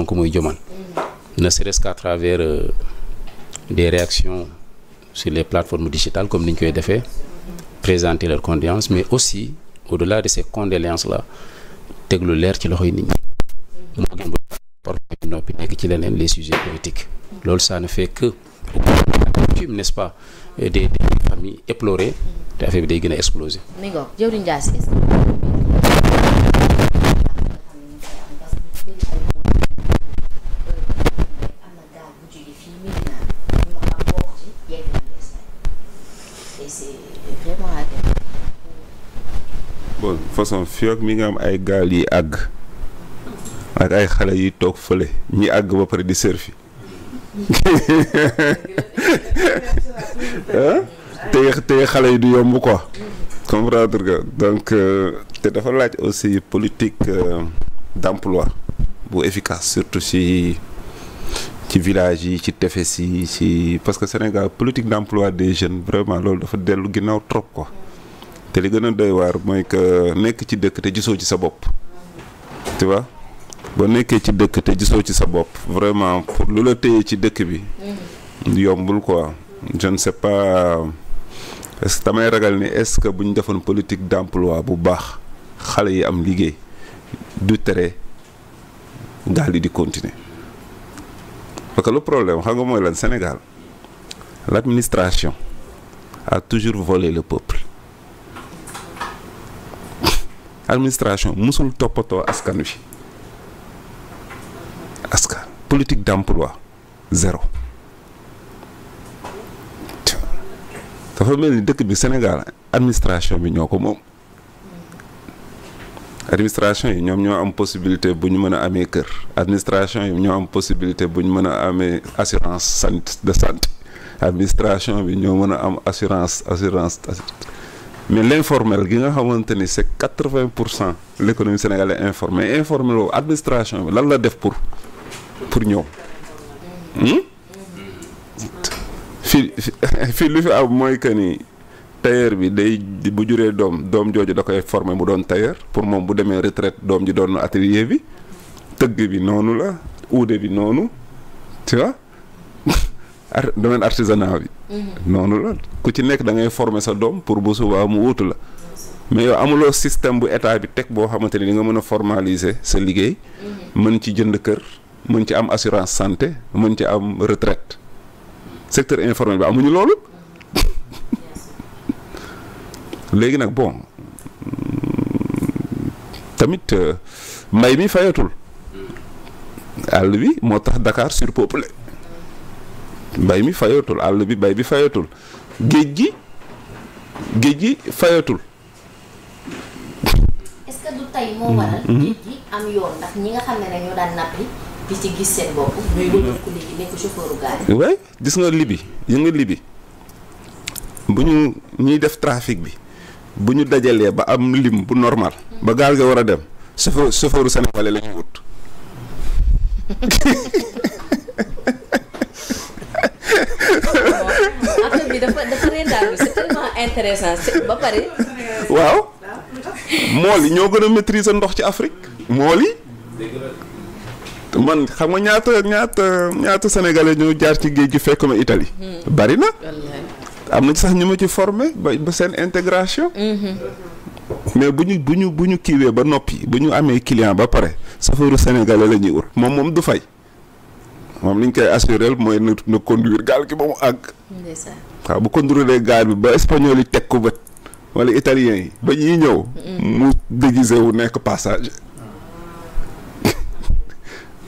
Sonko mooy Diomaye ne serait-ce qu'à travers euh, des réactions sur les plateformes digitales comme ni koy defee présenter leurs condoléances mais aussi au-delà de ces condoléances là teg lu leer ci loxoy nit ñi moo gën ba noppi nekk ci leneen les sujets politiques loolu ça ne fait que coutume pas des des familles éplorées te affaire bi day gën a façon fii mi nga am ay gaal yi àgg ak ay xale yi toog fële ñi àgg ba pare di surfi tey te xale yi du yomb ko comprendre nga donc euh, te dafa laaj aussi politique euh, d'emploi bu efficace surtout ci ci village yi ci tefes yi ci parce que Sénégal politique d'emploi des jeunes vraiment loolu dafa dellu ginnaaw trop ko te li gën a doy waar mooy que nekk ci dëkk te gisoo ci sa bopp tu ba nekkee ci dëkk te gisoo ci sa bopp vraiment pour lu la téye ci dëkk bi yombul quoi je ne pas est-ce que ragal ni est-ce que bu defoon politique d'emploi bu baax xale yi am liggéey du tere gaal yi di continuer parce que le problème xam nga mooy lan Sénégal l'administration a toujours volé le peuple administration musul toppatoo askan wi askan politique d'emploi zéro dafa mel ni dëkk bi Sénégal administration bi ñoo ko moom administration yi ñoom ñoo am possibilité bu ñu mën a amee kër administration yi ñoo am possibilité bu ñu mën a amee assurance sant de santé administration bi ñoo mën a am assurance assurance. assurance. mais l' informel gi nga xamante ni c' est quatre vingt pour cent l' économie sénégalaise informelle informel administration bi lan la def pour pour ñëw. fii fii lu fi am mooy que ni tailleur bi day bu juree doom doom jooju da koy former mu doon tailleur pour moom bu demee retraite doom ji doon atelier bi tëgg bi noonu la uude bi noonu tu vois domaine artisanat bi. Mm-hmm. noonu la ku ci nekk da ngay former sa doom pour bu subaa mu wuutu la mais yow amuloo système bu état bi teg boo xamante ni di nga mën a formaliser sa liggéey mm-hmm. mën ci jënd kër mën ci am assurance santé mën ci am retraite secteur informel bi amuñu loolu léegi nag bon mm, tamit euh, mbay mi fayatul mm-hmm. àll bi moo tax Dakar surpeuplé mbay mi fayatul àll bi bay bi fayatul géej gi géej gi fayatul. est-ce que du tey moo waral. Mhm. Mhm. géej gi am yoon ndax ñi nga xam ne dañoo daan nappi di ci gis seen bopp. ñooy wëlbatiku mhm. léegi nekk chauffeuru gaal. waaye gis nga libi yi nga libi bu ñu ñuy def trafic bi bu ñu dajalee ba am lim bu normal. ba gaal ga war a dem chauffeur chauffeuru Sénégalais la ñu wut. dafa dafa reetaan c'est tellement intéressant ba pare. waaw. mool yi ñoo gën a maîtriser ndox ci Afrique mool yi. man xam nga ñaata ñaata ñaata sénégalais ñoo jaar ci géej gi fekk ma itali hmm. bari na. am na sax ñu ma ci formé ba ba seen intégration. Hmm. mais bu ñu bu ñu bu kiiwee ba noppi bu ñu amee client ba pare safaru sénégalais la ñuy moom moom du fay. moom li ñu koy assuré mooy na na conduire gaal gi ba mu àgg. waaw bu conduire gaal bi ba espagnol yi teg ko bët wala italien yi ba ñuy ñëw. mu déguisé wu nekk passage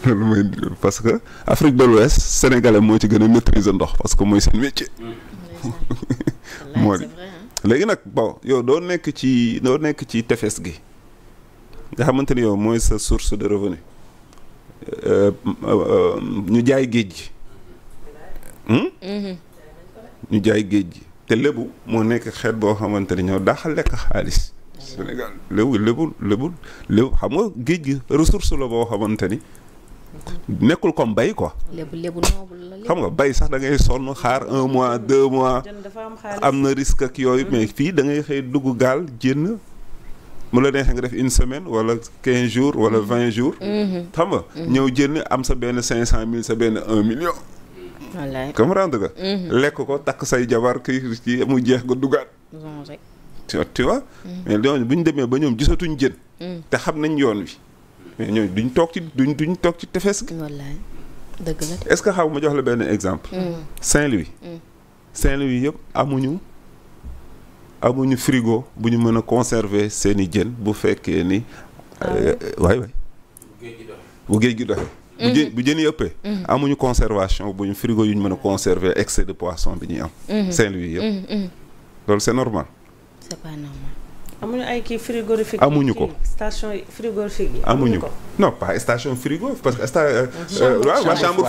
loolu parce que Afrique de l'Ouest sénégalais moo ci gën a maîtriser ndox parce que mooy seen métier. moo di léegi nag bon yow doo nekk ci doo nekk ci tefes gi. nga xamante ni yow mooy sa source de revenu. ñu jaay géej gi hmm? mhm. ñu jaay géej gi te lébu moo nekk xeet boo xamante ne ñoo daax lekk xaalis Sénégal lébu lébu lébu lébu xam nga géej gi ressource la boo xamante ni nekkul comme bay ko lébu lébu xam nga bay sax da ngay sonn xaar un mois deux mois am na risque ak yooyu mais fii da ngay xëy dugg gaal jënn mu la neexee nga def une semaine wala quinze jours wala mm-hmm. vingt jours. Mm-hmm. xam nga mm-hmm. ñëw jënd am sa benn cinq cent mille sa benn un million. wallaay comprendre nga. lekk ko takk say jabar kii kii mu jeex nga dugaat. tu vois mais ñooñu bu ñu demee ba ñoom gisatuñ jën. Mm. te xam nañ yoon wi. mais ñooñu duñ toog ci duñ duñ toog ci tefes gi. wallaay dëgg la. est-ce que xaw ma jox la benn exemple. Mm. Saint-Louis. Mm. Saint-Louis yëpp amuñu. amuñu frigo bu ñu mën a conserver seen i jën bu fekkee ni. Ah euh, euh, waay waay. bu géej gi doxee. bu mhm. jën yi ëppee. Mhm. amuñu conservation bu ñu frigo yu ñu mën a conserver excès de poisson bi ñuy am. Mhm. Saint-Louis yëpp. loolu c'est normal. amuñu ay kii frigorifique amuñu ko station frigorifique amuñu ko non pas station frigo parce que sta euh, waaw chambre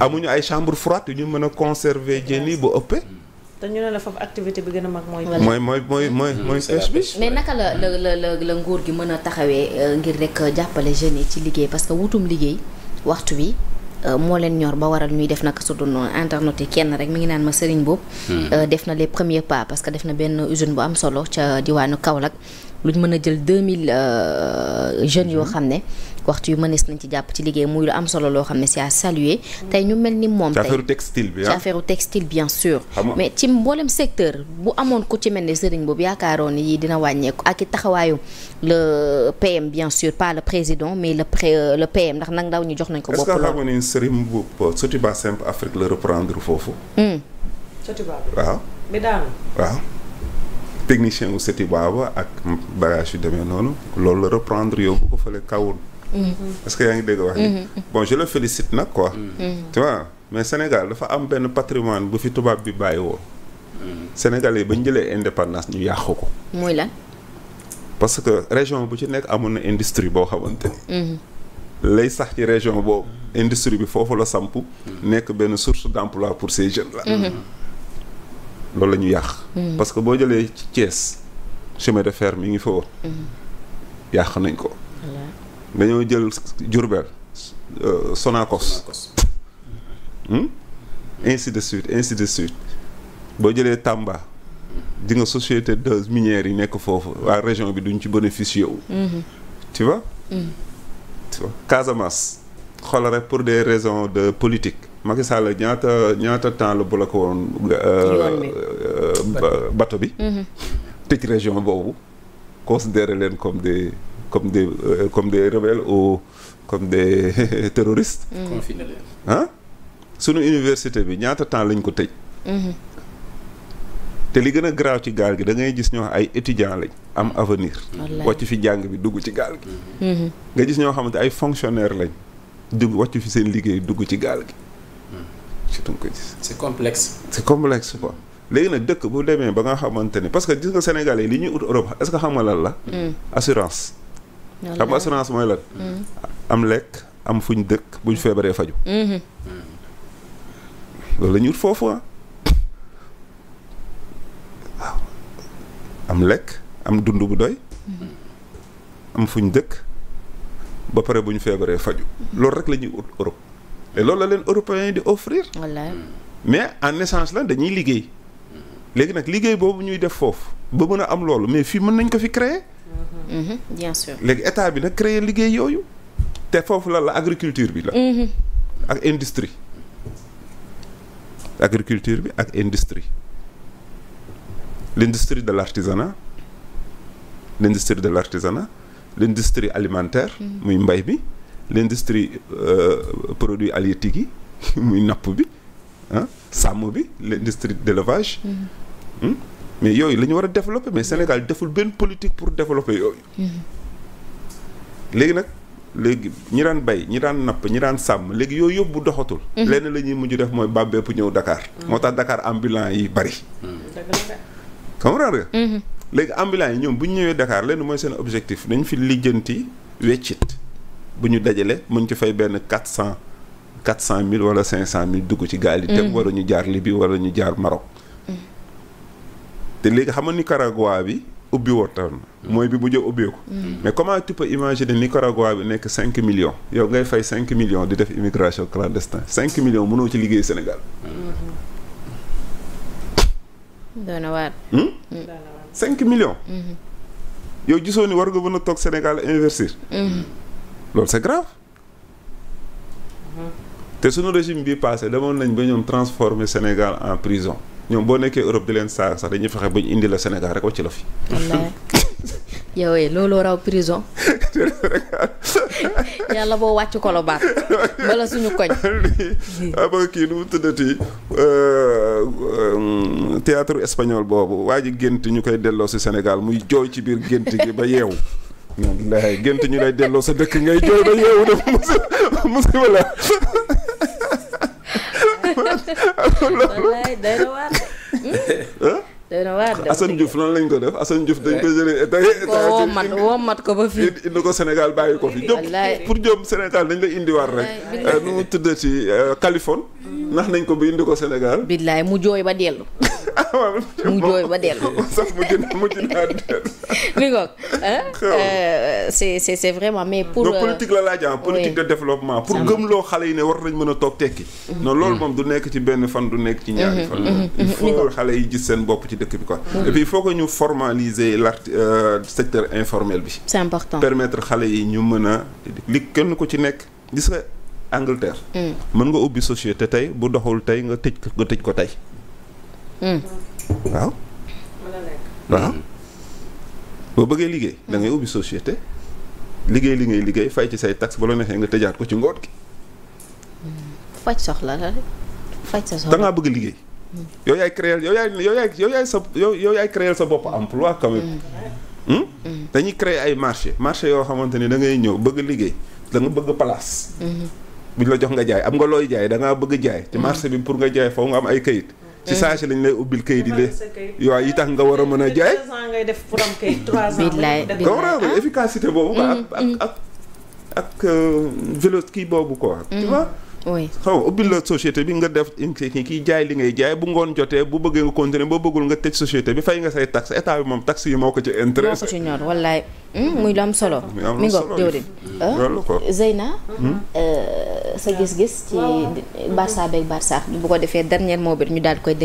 amuñu ah, ay chambre froide yu ñu mën a conserver jën yi ba ëppee te ñu ne la foofu activité bi gën a mag mooy. mooy mooy mooy mooy mm-hmm. mooy pêche mais naka la la la la nguur gi mën a taxawee euh, ngir rek jàppale jeunes yi ci liggéey parce que wutum liggéey waxtu wi euh, moo leen ñor ba waral ñuy def na su dul noonu internet yi kenn rek mi ngi naan ma sëriñ boobu. Hmm. Euh, def na les premiers pas parce que def na benn usine bu am solo ca diwaanu Kaolack. luñ mën a jël 2000 euh, jeunes yoo xam ne waxtu yu mënees nañ ci jàpp ci liggéey muy lu am solo loo xam ne si à saluer tey ñu mel ni moom tey ci affaire textile bi ci ah. affaire textile mais ci mboolem secteur bu amoon ku ci mel ni sëriñ boobu yaakaaroon yi dina wàññeeku ak i taxawaayu le PM bien sûr pas le président mais le pré euh, le PM ndax nag ndaw ñu jox nañ ko bopp la est-ce que sëriñ boobu Sotiba Simple Afrique le reprendre foofu waaw hmm. technicien wu Setibaaba ak bagage yu demee noonu loolu la reprendre yóbbu ko fële kawul mm-hmm. est que yaa ngi dégg wax yi mm-hmm. bon je le félicite nag quoi mm-hmm. tu vois mais Sénégal dafa am benn patrimoine bu fi tubaab bi bàyyi woon Sénégal yi ba ñu jëlee indépendance ñu yàqu ko muy lan parce que région bu ci nekk amoon na industrie boo xamante lay sax ci région boobu industrie bi foofu la samp nekk benn source d'emploi pour ces jeunes loolu la ñu yàq. Mm. parce que boo jëlee ci Thiès chemin de fer mi ngi fa woon. Mm. yàq nañ ko. dañoo jël Diourbel euh, Sonacos. Hmm? ainsi de suite insi de suite boo jëlee Tamba di nga société de minières yi nekk foofu waa région bi duñ ci bénéficier wu. Mm-hmm. tu mm. Casamance xoolal rek pour des raisons de politique. Macky Sall ñaata ñaata temps la ko woon. bato bi mhm. tëj région boobu. considéré leen comme des comme des euh, comme des ou comme des terroristes. Mhm. confiné sunu université bi ñaata temps lañ ko tëj. Mhm. te li gën a graaw ci gaal gi da gis ñoo ay étudiants lañ am avenir. wàcc fi jàng bi dugg ci gaal gi. nga gis ñoo xamante ay fonctionnaires lañ dugg wàcc fi seen liggéey dugg ci gaal gi. ci da nga ko complexe. c'est complexe léegi nag dëkk bu demee ba nga xamante ni parce que gis nga li ñuy ut Europe est-ce que xam nga lan la. Mm. assurance. xam assurance mooy lan. Mm. am lekk am fu ñu dëkk bu ñu feebaree faju mm-hmm. loolu ah. lekk am dund bu doy. Mm-hmm. am fu ba pare bu ñu feebaree faju mm-hmm. loolu rek la ñuy ut Europe. mais loolu la leen européens yi di offrir. wallaay mais en essence la dañuy liggéey. léegi nag liggéey boobu ñuy def foofu ba mën a am loolu mais fii mën nañ ko fi créer. Mm-hmm. Mm-hmm. léegi état bi nag créer liggéey yooyu. te foofu la la agriculture bi la. Mm-hmm. ak industrie. agriculture bi ak industrie. l'industrie de l'artisanat l'industrie de l'artisanat l'industrie alimentaire. muy mbay bi. l'industrie euh, produits halieutiques yi muy napp bi ah sàmm bi l'industrie d'élevage mm-hmm. hmm? mais yooyu lañu war a développer mais Sénégal deful benn politique pour développer yooyu mm-hmm. léegi nag léegi ñi daan bay ñi daan napp ñi daan sàmm léegi yooyu yëpp bu doxatul mm-hmm. lenn la ñuy def mooy bàmbeepp ñëw dakaar moo tax Dakar ambulant yi bari comprendre nga léegi ambulant yi ñoom bu ñu ñëwee Dakar lenn mooy seen objectif nañ fi lijjanti weccit bu ñu dajale mën ci fay benn quatre cent quatre cent mille wala cinq cent mille dugg ci gaal yi dem mm. wala ñu jaar Libye wala ñu jaar Maroc mm. te léegi xam nga Nicaragua bi ubbi wootoon mm. mooy bi bu jë ubbeeku mais comment tu peux de Nicaragua bi nekk cinq million yow ngay fay cinq million di def immigration clandestine cinq millions mënoo ci liggéey Sénégal mm-hmm. doona waar hmm? cinq millions mm-hmm. yow gisoo ni war nga mën a toog Sénégal investir mm-hmm. loolu c'est grave te suñu régime bi passé demoon nañ ba ñoom transformer Sénégal en prison ñoom boo nekkee Europe di leen saaga sax dañuy fexe ba ñu indi la Sénégal rek wàcc la fi. Eh, prison yàlla boo wàcc kolobaat bala suñu koñ aba ah, kii nu mu tuddati euh, euh, théâtre espagnol boobu waa ji gént ñu koy delloo si Sénégal muy jooy ci biir gént gi ba yeewu alhamdulilah gént ñu lay delloo sa dëkk ngay jooy ba yeewu de musiba la wallaay day na lañ ko def Assane Diouf dañ ko jëlee état wommat wommat ko ba fii indi ko Sénégal bàyyi ko fi jom pour jom Sénégal dañ la indiwaar rek eh, nu mu tuddati eh, Californie nax nañ ko ba indi ko Sénégal billaay mu jooy ba dellu mu jooy ba dellu. sax mujj na mujj naa dellu. mi ngoog euh, c'est c'est vraiment mais pour. donc euh, politique la laaj ah politique de développement. pour gëmloo xale yi ne war nañ mën a toog tekki. Mhm. non loolu mhm. moom du nekk ci benn fan du nekk ci mhm, ñaari fan. il faut xale yi gis seen bopp ci dëkk bi quoi. et puis il faut que ñu formaliser l' euh, secteur informel bi. c'est xale yi ñu mën a li kenn ko ci nekk gis nga Angleterre. Mm. mën nga ubbi société tey bu doxul tey nga tëj nga tëj ko tey. Hmm. waaw. waaw boo bëggee liggéey da ngay ubbi société liggéey li ngay liggéey fay ci say taxe ba la nga tëjaat ko ci ngoot gi. faj soxla la faj sa da ngaa bëgg liggéey. Hmm. yow yaay créer yow yaay yow yaay yow yaay sa sa bopp emploi quand même. Hmm. dañuy créer ay marché marché yoo xamante ni da ngay ñëw bëgg liggéey danga bëgg place. buñ la jox nga jaay am nga looy jaay da ngaa bëgg jaay. te marché bi pour nga jaay foofu nga am ay kayit. ci saa si lañ lay ubbil kayit yi de. yow yi tax nga war a mën a jaay. ngay def pour am kayit 3 ans. billaay billaay ah. boobu. Mm-hmm. ak ak ak ak euh, vélo kii boobu quoi. Mm-hmm. oui xaw ma ubbil la société bi nga def kii kii jaay li ngay jaay bu ngoon jotee bu bëggee nga continuer boo bëggul nga tëj société bi fay nga say taxe état bi moom taxe yi moo ko ci intérêt. moo ko ci ñor mi ngoog déwén. loolu ko euh, Zeyna. Hmm? Euh, sa gis-gis ci Barça beeg Barça bu ko defee dernier mot bi ñu daal koy.